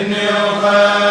إني أخاف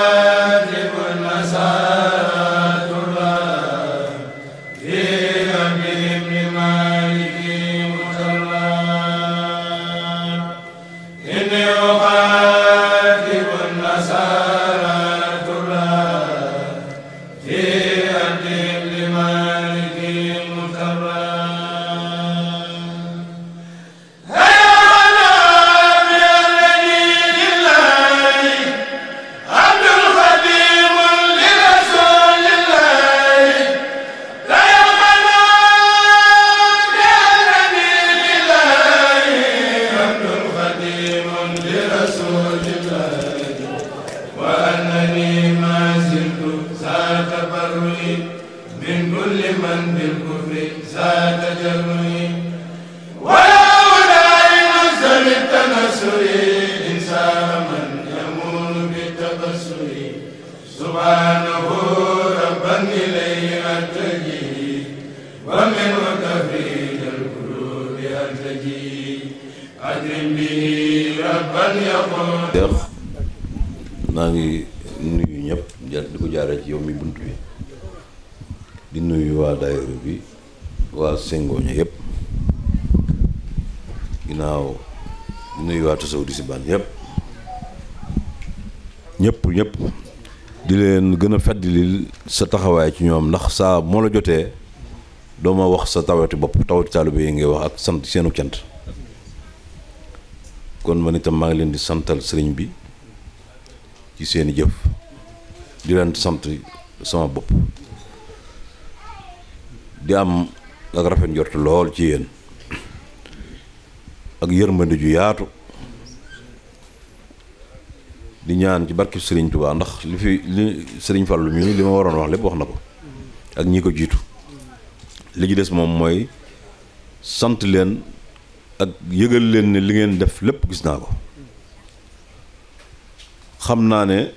زاد برئي من كل من بالكفر زاد جرئي ولا أولى نزل التنسر إنسان من يمون بالتبسر سبحانه ربا إليه أرتجي ومن وكفي القلوب أرتجي أجرم به ربا يقول maa ngi di nuyu da daayira bi waa Sengoña yëpp ginnaaw di nuyu waa tasaw di si baan yëpp ñëpp di len gëna fadli sa taxaway ci ñoom ndax sa mo la joté do ma wax sa tawati bop tawati taalibe yi nga wax ak sant seenu cant kon man itam ma ngi len di santal serigne bi ci seeni jëf di len sant sama bop di am ak rafet njort lool ci yéen ak yërmande ju yaatu di ñaan ci barki Serigne Touba ndax li fi li Serigne Fallou mii li ma waroon wax lépp wax na ko ak ñi ko jiitu li ci des moom mooy sant leen ak yëgal leen ne li ngeen def lépp gis naa ko xam naa ne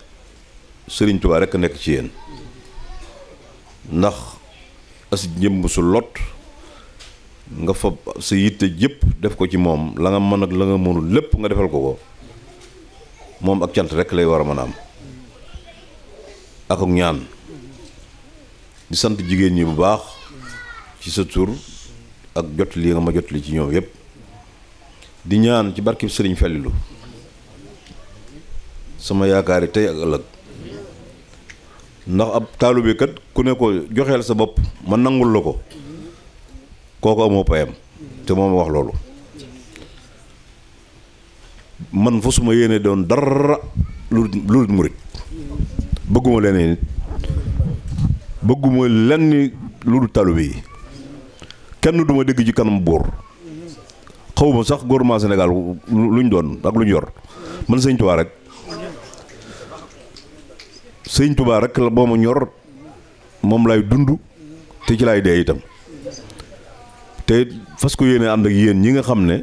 Serigne Touba rekk nekk ci yéen ndax. as jëmm su lot nga fa sa yitte jëpp def ko ci moom la nga mën ak la nga mënul lépp nga defal ko ko moom ak cant rek lay war a mën am ak ak ñaan di sant jigéen ñi bu baax ci sa tur ak jot li nga ma jot li ci ñoom yépp di ñaan ci barkib sëriñ fellilu sama yaakaari ak ëllëg ndax ab taalibe kat ku ne ko joxeel sa bopp ma nangul la ko kooku amoo payam te moom wax loolu man fa su ma yéene doon dara lu lu murit bëgguma leneen nit bëgguma lenn lu dul taalibe yi kenn duma dégg ci kanam buur xawma sax gouvernement Sénégal lu ñu doon ak lu ñu yor man Sëñ Tuubaa rek sëñ tubaa rek la boo ma ñor moom lay dund te ci lay dee itam te fas ko yéene ànd ak yéen ñi nga xam ne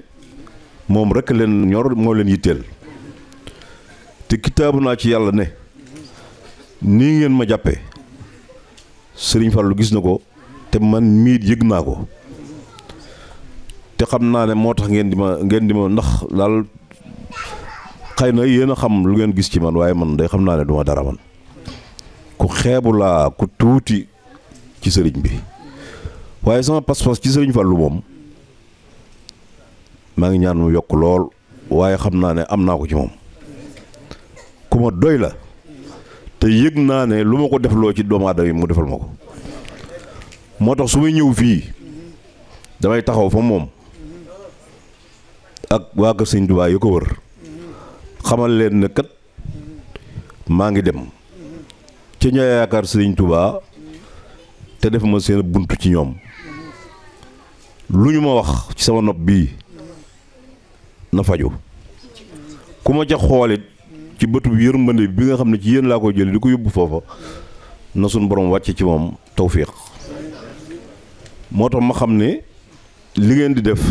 moom rek leen ñor moo leen yitteel te kitaabu naa ci yàlla ne nii ngeen ma jàppee sëriñ Fallou gis na ko te man miit yëg naa ko te xam naa ne moo tax ngeen di ma ngeen di ma ndax daal xëy na yéen a xam lu ngeen gis ci man waaye man day xam naa ne duma dara man xeebu laa ku tuuti ci sëriñ bi waaye sama pas-pas ci fa Fallou moom maa ngi ñaan mu yokk lool waaye xam naa ne am naa ko ci moom ku ma doy la te yëg naa ne lu ma ko defloo ci doomu aadama yi mu defal ma ko moo tax su may ñëw fii damay taxaw fa moom ak waa kër sëñ Tuubaa yu ko wër xamal leen ne maa ngi dem ca ñoo yaakaar sëriñ tubaa te def ma bunt ci ñoom lu ñu ma wax ci sama nopp bii na faju ku ma ca xoolit ci bëtu yërmande bi nga xam ne ci yéen laa ko jël di ko yóbbu foofa na suñ borom wàcce ci moom tawfiq moo tax ma xam ne li ngeen di def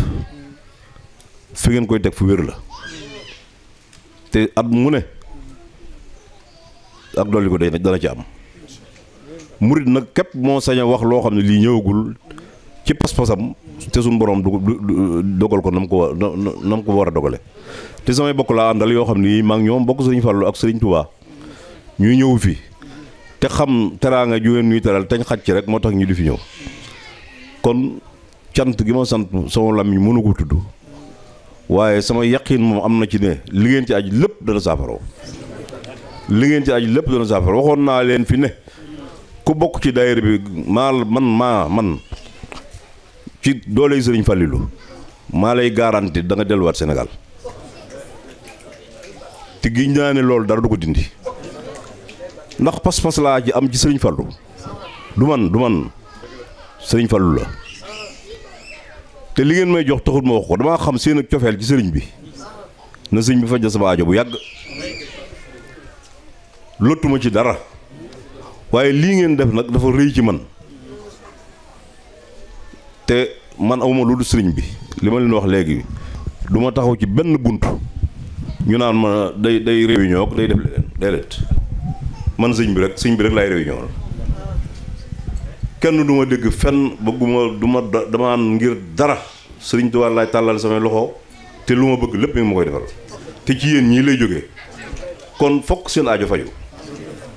fi ngeen koy teg fu wér la te at mu ne ak dolli ko dana ci am murit nag képp moo sañ a wax loo xam ne lii ñëwagul ci pas-pasam te suñu borom du dogal ko nam ko nam ko war a dogale te samay bokk laa àndal yoo xam ne maa ngi ñoom bokk sëriñ Fallou ak sëriñ Touba ñuy ñëw fi te xam teraanga ju ngeen ñuy teral tañ xaj ci rek moo tax ñu di fi ñëw kon cant gi ma sant sama làmmiñ mënu ko tudd waaye sama yaqin moom am na ci ne li ci aj lépp dana saafaroo li ngeen ci aj lépp dana saafara waxoon naa leen fi ne ku bokk ci daayira bi maa man maa man ci dooley sëriñ Fallilou maa lay garanti da nga delluwaat Sénégal te giñ naa ne loolu dara du ko dindi ndax pas-pas laa ci am ci sëriñ Fallou du man du man sëriñ Fallou la te li ngeen may jox taxut ma wax ko damaa xam seen ak cofeel ci sëriñ bi na sëriñ bi faj na sama bu yàgg lottuma ci dara waaye lii ngeen def nag dafa rëy ci man te man awma lu dul sëriñ bi li ma leen wax léegi du ma taxaw ci benn bunt ñu naan ma day day réunion ak day def leneen déedéet sëñ bi rek sëñ bi rek laay réunion kenn du ma dégg fenn bëgguma du ma dama am ngir dara sëriñ Tuubaa laay tàllal samay loxo te lu ma bëgg lépp mi te ci ñii lay jógee kon fokk seen aajo fayu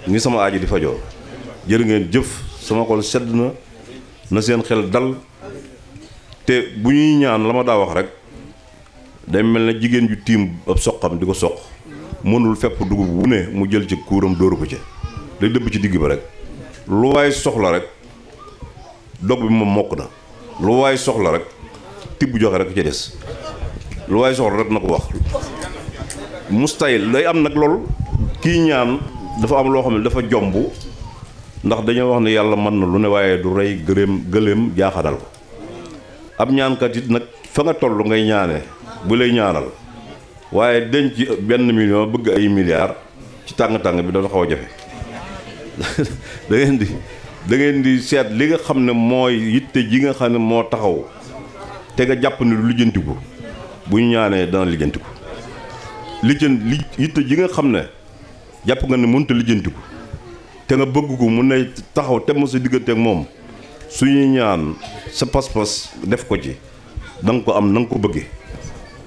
ni sama aajo di fajo jërë ngeen jëf sama xol sedna na seen xel dal te bu ñuy ñaan la da wax rek day mel na ju tim ab soxam di sox mënul fep dugg bu ne mu jël ci kuram dooru ko ci day dëbb ci digg ba rek lu way soxla rek dog bi mom mokna lu way soxla rek tibbu joxe rek ci dess lu way soxla rek nako wax mustahil day am nak lol ki ñaan dafa am lo xam dafa jombu ndax dañu wax ni yalla man lu ne waye du reey gërem gëlem jaaxadal ko ab ñaankat it nak fa nga tollu ngay ñaané bu lay ñaanal waaye ci ben million bëgg ay milliards ci tang tang bi do xaw jafé da ngeen di da ngeen di sét li nga xam moy yitté ji nga xam mo taxaw té nga japp ne lu jëntiku bu ñu ñaanee dana lijjantiku li yitté ji nga xam jàpp nga ne mënut a te nga bëgg ko mun na taxaw te mu sa diggante ak moom suñuy ñaan sa pas-pas def ko ci da ko am na ko bëggee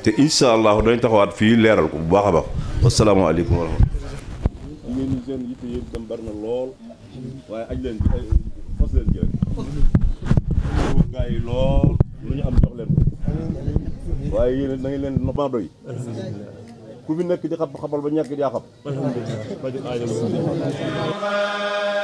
te incha allahu dañ taxawaat fii leeral ko bu baax a baax wasalaamaaleykum wa rahmatulah. lool waaye aj leen fas leen ji am jox leen waaye yéen leen noppaandoo yi. ku fi nekk di xab xabal ba ñàkk yaa xam